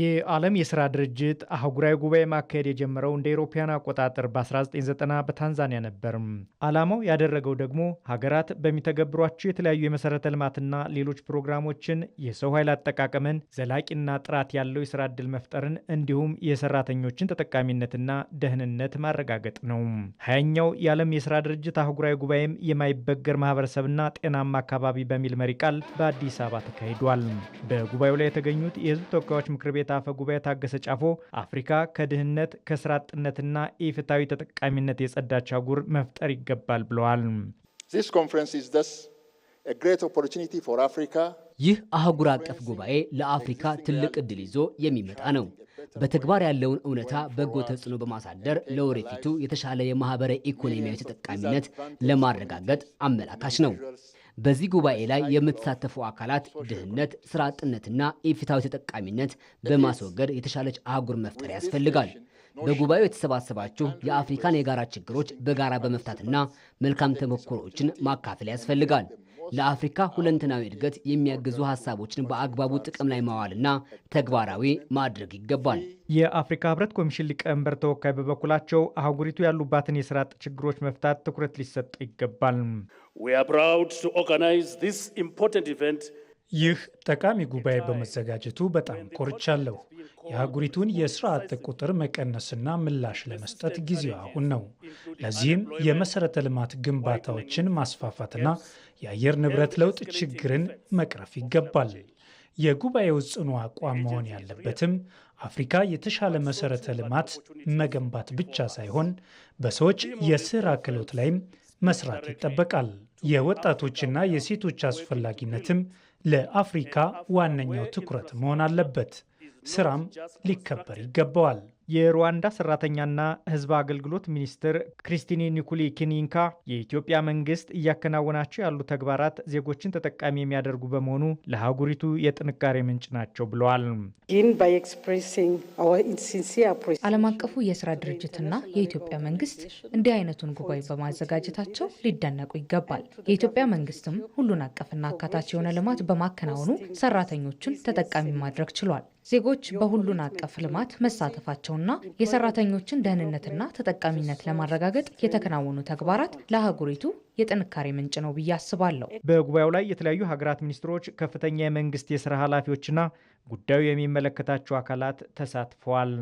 የዓለም የስራ ድርጅት አህጉራዊ ጉባኤ ማካሄድ የጀመረው እንደ አውሮፓውያን አቆጣጠር በ1990 በታንዛኒያ ነበር። ዓላማው ያደረገው ደግሞ ሀገራት በሚተገብሯቸው የተለያዩ የመሰረተ ልማትና ሌሎች ፕሮግራሞችን የሰው ኃይል አጠቃቀምን፣ ዘላቂና ጥራት ያለው የስራ ዕድል መፍጠርን እንዲሁም የሰራተኞችን ተጠቃሚነትና ደህንነት ማረጋገጥ ነው። ሀያኛው የዓለም የስራ ድርጅት አህጉራዊ ጉባኤም የማይበገር ማህበረሰብና ጤናማ አካባቢ በሚል መሪ ቃል በአዲስ አበባ ተካሂዷል። በጉባኤው ላይ የተገኙት የህዝብ ተወካዮች ምክር ቤት አፈ ጉባኤ ታገሰ ጫፎ አፍሪካ ከድህነት ከስራ አጥነትና ኢፍታዊ ተጠቃሚነት የጸዳች አህጉር መፍጠር ይገባል ብለዋል። ይህ አህጉር አቀፍ ጉባኤ ለአፍሪካ ትልቅ ዕድል ይዞ የሚመጣ ነው። በተግባር ያለውን እውነታ በጎ ተጽዕኖ በማሳደር ለወደፊቱ የተሻለ የማህበረ ኢኮኖሚያዊ ተጠቃሚነት ለማረጋገጥ አመላካች ነው። በዚህ ጉባኤ ላይ የምትሳተፉ አካላት ድህነት፣ ስራ አጥነትና ኢፍትሐዊ ተጠቃሚነት በማስወገድ የተሻለች አህጉር መፍጠር ያስፈልጋል። በጉባኤው የተሰባሰባችሁ የአፍሪካን የጋራ ችግሮች በጋራ በመፍታትና መልካም ተሞክሮዎችን ማካፈል ያስፈልጋል። ለአፍሪካ ሁለንተናዊ እድገት የሚያግዙ ሀሳቦችን በአግባቡ ጥቅም ላይ ማዋልና ተግባራዊ ማድረግ ይገባል። የአፍሪካ ህብረት ኮሚሽን ሊቀመንበር ተወካይ በበኩላቸው አህጉሪቱ ያሉባትን የስራ አጥ ችግሮች መፍታት ትኩረት ሊሰጥ ይገባል። ይህ ጠቃሚ ጉባኤ በመዘጋጀቱ በጣም ኮርቻለሁ። የአህጉሪቱን የስራ አጥ ቁጥር መቀነስና ምላሽ ለመስጠት ጊዜው አሁን ነው። ለዚህም የመሰረተ ልማት ግንባታዎችን ማስፋፋትና የአየር ንብረት ለውጥ ችግርን መቅረፍ ይገባል። የጉባኤው ጽኑ አቋም መሆን ያለበትም አፍሪካ የተሻለ መሰረተ ልማት መገንባት ብቻ ሳይሆን በሰዎች የስራ ክህሎት ላይም መስራት ይጠበቃል። የወጣቶችና የሴቶች አስፈላጊነትም ለአፍሪካ ዋነኛው ትኩረት መሆን አለበት። ስራም ሊከበር ይገባዋል። የሩዋንዳ ሰራተኛና ሕዝብ አገልግሎት ሚኒስትር ክሪስቲኒ ኒኩሊ ኪኒንካ የኢትዮጵያ መንግስት እያከናወናቸው ያሉ ተግባራት ዜጎችን ተጠቃሚ የሚያደርጉ በመሆኑ ለሀጉሪቱ የጥንካሬ ምንጭ ናቸው ብለዋል። ዓለም አቀፉ የስራ ድርጅትና የኢትዮጵያ መንግስት እንዲህ አይነቱን ጉባኤ በማዘጋጀታቸው ሊደነቁ ይገባል። የኢትዮጵያ መንግስትም ሁሉን አቀፍና አካታች የሆነ ልማት በማከናወኑ ሰራተኞቹን ተጠቃሚ ማድረግ ችሏል። ዜጎች በሁሉን አቀፍ ልማት መሳተፋቸው ናቸውና የሰራተኞችን ደህንነትና ተጠቃሚነት ለማረጋገጥ የተከናወኑ ተግባራት ለአህጉሪቱ የጥንካሬ ምንጭ ነው ብዬ አስባለሁ። በጉባኤው ላይ የተለያዩ ሀገራት ሚኒስትሮች፣ ከፍተኛ የመንግስት የስራ ኃላፊዎችና ጉዳዩ የሚመለከታቸው አካላት ተሳትፈዋል።